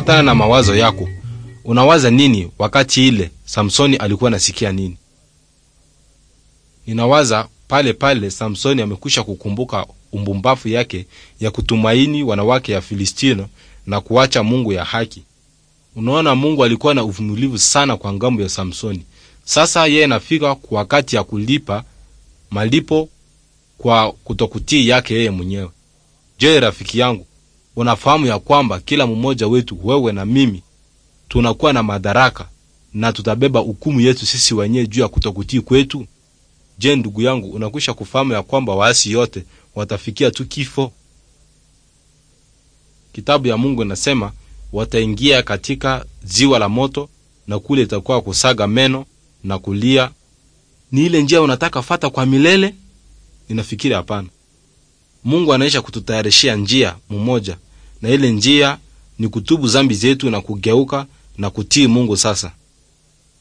kufatana na mawazo yako. Unawaza nini wakati ile Samsoni alikuwa nasikia nini? Ninawaza pale pale Samsoni amekwisha kukumbuka umbumbafu yake ya kutumaini wanawake ya Filistino na kuacha Mungu ya haki. Unaona, Mungu alikuwa na uvumilivu sana kwa ngambo ya Samsoni. Sasa yeye nafika kwa wakati ya kulipa malipo kwa kutokutii yake yeye mwenyewe. Je, rafiki yangu, Unafahamu ya kwamba kila mmoja wetu, wewe na mimi, tunakuwa na madaraka na tutabeba hukumu yetu sisi wenyewe juu ya kutokutii kwetu. Je, ndugu yangu, unakwisha kufahamu ya kwamba waasi yote watafikia tu kifo? Kitabu ya Mungu inasema wataingia katika ziwa la moto, na kule itakuwa kusaga meno na kulia. Ni ile njia unataka fata kwa milele? Ninafikiri hapana. Mungu anaisha kututayarishia njia mmoja na ile njia ni kutubu zambi zetu na kugeuka na kutii Mungu sasa.